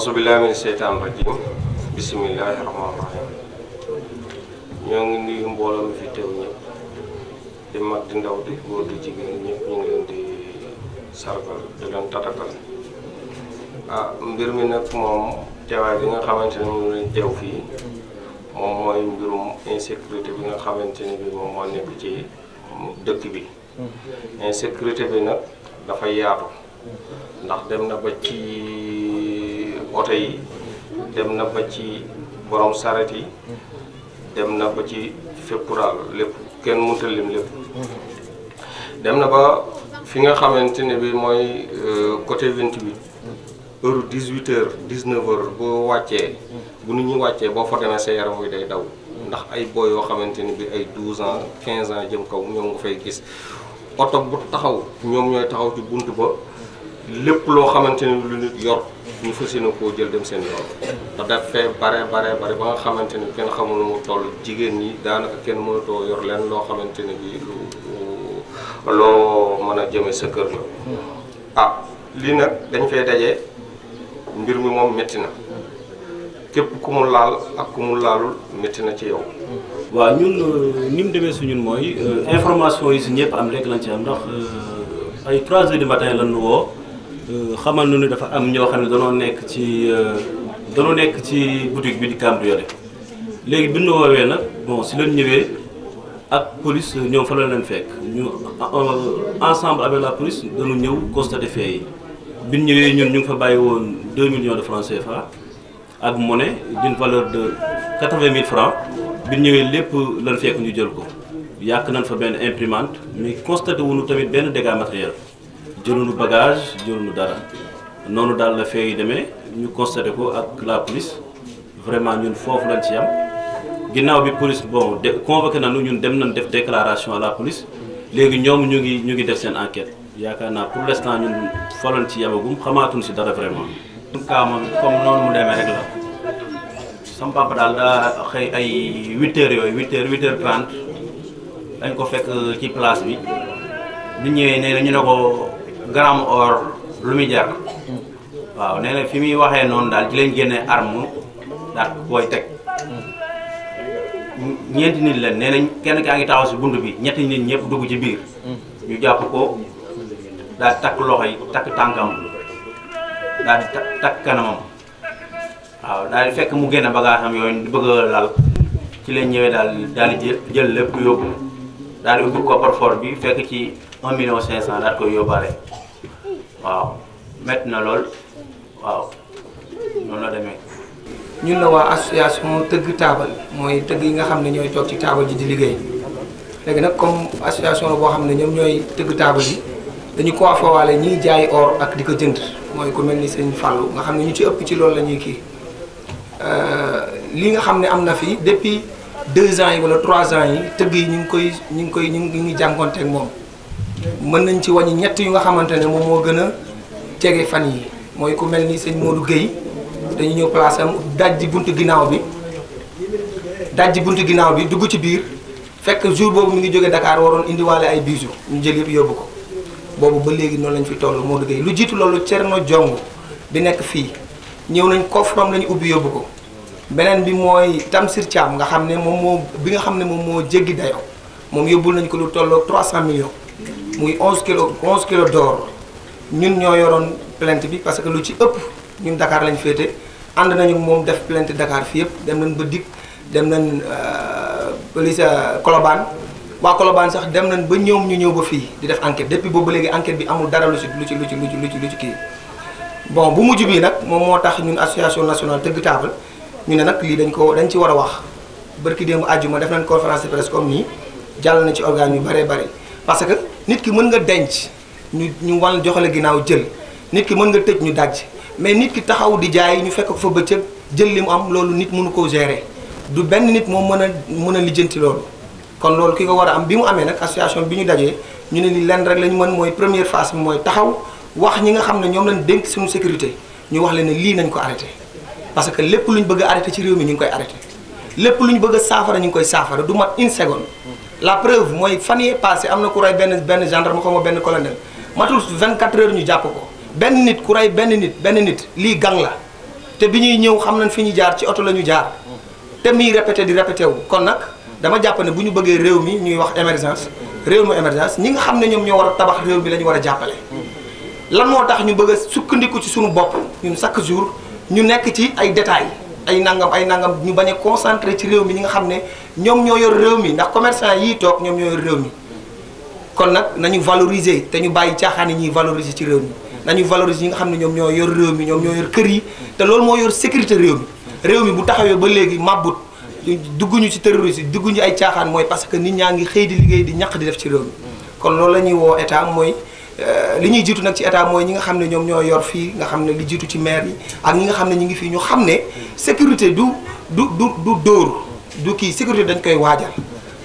asubillahi min seytaan rajim bisimillahi rahmaan rahim ñoo ngi nuyu mbooloo mi fi teew ñëpp di mag di ndaw di góor di jigéen ñëpp ñu ngi leen di sargal di leen tatakal ah mbir mi nag moom teewaay bi nga xamante ne moom lañ teew fii moom mooy mbirum insécurité bi nga xamante ne bi moom moo nekk ci dëkk bi mm-hmm. insécurité bi nag dafa yaatu ndax dem na ba ci oto yi dem na ba ci borom saret yi dem na ba ci fépp daal lépp kenn mënta lim lépp dem na ba fi nga xamante ne bi mooy euh, côté 28 heure 18 heures 19 heures boo wàccee bu nit ñi wàccee boo fa demee sa yaram wi day daw ndax ay booy yoo xamante ne bi ay 12 ans 15 ans jëm kaw ñoom nga fay gis oto bu taxaw ñoom ñooy taxaw ci bunt ba lépp loo xamante ni lu nit yor ñu fas yéene koo jël dem seen yoon ndax daf fee bare bare bare ba nga xamante ni kenn xamul nu mu toll jigéen ñi daanaka kenn mënatoo yor leen loo xamante ni bi lu loo mën a jëme sa kër la ah lii nag dañ fay daje mbir mi moom metti na képp ku mu laal ak ku mu laalul metti na ci yow waaw ñun euh, ni mu demee suñun mooy euh, information yi si ñëpp am rek lañ ci am ndax euh, ay 3 heures du matin lan nu Euh, xamal nu ne dafa am ñoo xam ne danoo nekk ci euh, danoo nekk ci boutique bi di cambriolé léegi bi ñu woowee nag bon si leen ñëwee ak police ñoom fa la leen fekk ñu euh, ensemble avec la police dañu ñëw constaté faits yi bi ñu ñëwee ñun ñu ngi fa bàyyi woon deux millions de francs fa ak monnaie d'une valeur de 80 000 francs bi ñu ñëwee lépp lan fekk ñu jël ko yàq nañ fa benn imprimante mais constaté wuñu tamit benn dégât matériel. jëlunu bagage jëlunu dara noonu daal la fee yi demee ñu constaté ko ak la police vraiment ñun foofu lañ ci am ginnaaw bi police bon de na nañu ñun dem nañ def déclaration à la police léegi ñoom ñu ngi ñu ngi def seen enquête yaakaar naa pour l'instant ñun fa ci yamagum xamaatuñ si dara vraiment. kaa moom comme noonu mu demee rek la sama papa daal daa xëy ay huit yooyu huit heures huit dañ ko fekk ci place bi bu ñëwee nee ñu ne gramme or lu muy jar waaw nee fi muy waxee noonu daal ci leen génne arme daal booy teg ñeenti nit la nee nañ kenn kaa ngi taxaw si bunt bi ñetti nit ñëpp dugg ci biir ñu jàpp ko daal takk loxo yi takk tànkam daal takk kanamam waaw daal di fekk mu génne bagaasam yooyu di bëgg a ci leen ñëwee daal daal jël lépp yóbbu daal di ubbi coffre bi fekk ci un million cinq cent daal koy yóbbaale waaw métti na lool waaw noonu la demee. ñun la waa association tëgg taabal mooy tëgg yi nga xam ne ñooy toog ci taabal ji di liggéey léegi nag comme association la boo xam ne ñoom ñooy tëgg taabal yi dañu ko afawaale ñiy jaay or ak di ko jënd mooy ku mel ni seen Fallou nga xam ne ñu ci ëpp ci lool la ñuy kii euh, li nga xam ne am na fii depuis deux ans yi wala trois ans yi tëgg yi ñu ngi koy ñu ngi koy ñu ngi jànkonteeg moom. mën nañ ci wàññi ñett yu nga xamante ne moom moo gën a jege fan yi mooy ku mel ni sëñ Modou Guèye dañu ñëw place am dajji buntu ginnaaw bi dajji buntu ginnaaw bi dugg ci biir fekk jour boobu mu ngi jóge Dakar waroon indiwaale ay bijoux ñu jël yëpp yóbbu ko boobu ba léegi noonu lañ fi toll Modou Guèye lu jiitu loolu Cerno Jong bi nekk fii ñëw nañ coffre-am lañu ubbi yóbbu ko beneen bi mooy Tamsir Thiam nga xam ne moom moo bi nga xam ne moom moo jéggi dayoo moom yóbbul nañ ko lu tolloo 300 millions muy onze kilos onze kilos d'or ñun ñoo yoroon plant bi parce que lu ci ëpp ñun Dakar lañ féete ànd nañu moom def plainte Dakar fii yëpp dem nañ ba dikk dem nañ euh, police euh, Colobane waa kolobaan sax dem nañ ba ñoom ñu ñëw ba fii di def enquête depuis boobu léegi enquête bi amul dara lu ci lu ci lu ci lu ci lu ci kii bon bu mujj bii nag moom moo tax ñun association nationale tëgg table ñu ne nag lii dañ ko dañ ci war a wax bërki démb àjjuma def nañ conférence de presse comme nii na ci organe yu bëree bëri nit ki mën nga denc ñu ñu wàll jox ginnaaw jël nit ki mën nga tëj ñu daj mais nit ki taxaw di jaay ñu fekk ko fa bëccëg jël li mu am loolu nit mënu koo gérer du benn nit moo mën a mën a lijjanti loolu. kon loolu ki ko war a am bi mu amee nag association bi ñu dajee ñu ne li lenn rek la ñu mën mooy première phase bi mooy taxaw wax ñi nga xam ne ñoom lañ denk suñu sécurité ñu wax leen ne lii nañ ko arrêté parce que lépp lu ñu bëgg a ci réew mi ñu ngi koy arrêté lépp lu ñu bëgg a ñu ngi koy saafara du mat une seconde. la preuve mooy fan yee passé am na ku rey benn benn gendarme xaw ma benn colonel matul 24 heures ñu jàpp ko benn nit ku rey benn nit benn nit lii gang la te bi ñuy ñëw xam nañ fi ñu jaar ci oto la ñu jaar te muy répété di répété wu kon nag dama jàpp ne bu ñu bëggee réew mi ñuy wax émergence réew mu émergence ñi nga xam ne ñoom ñoo war a tabax réew mi lañu ñu war a jàppale lan moo tax ñu bëgg a sukkandiku ci suñu bopp ñun chaque jour ñu nekk ci ay détails ay nangam ay nangam ñu bañ a concentré ci réew mi ñi nga xam ne ñoom ñoo yor réew mi ndax commerçant yii toog ñoom ñoo yor réew mi kon nag nañu valoriser te ñu bàyyi caaxaan yi ñuy valorise ci réew mi nañu valorise ñi nga xam ne ñoom ñoo yor réew mi ñoom ñoo yor kër yi te loolu moo yor sécurité réew mi réew mi bu taxawee ba léegi màbbut dugguñu ci terroriste dugguñu ay caaxaan mooy parce que nit ñaa ngi xëy di liggéey di ñaq di def ci réew mi kon loolu la ñuy woo état mooy li ñuy jiitu nag ci état mooy ñi nga xam ne ñoom ñoo yor fii nga xam ne li jiitu ci maire yi ak ñi nga xam ne ñu ngi fii ñu xam ne sécurité du du du du dóor du kii sécurité dañ koy waajal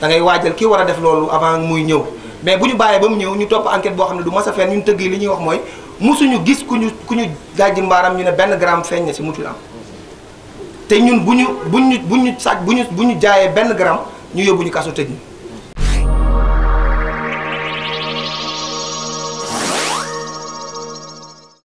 da ngay waajal kii war a def loolu avant muy ñëw mais bu ñu bàyyee ba mu ñëw ñu topp enquête boo xam ne du mas a feeñ ñun tëgg yi li ñuy wax mooy musuñu gis ku ñu ku ñu gàjji mbaaram ñu ne benn gramme feeñ na si mu mutul am te ñun bu ñu bu ñu bu ñu sàcc bu ñu bu ñu jaayee benn gramme ñu yóbbu ñu kaso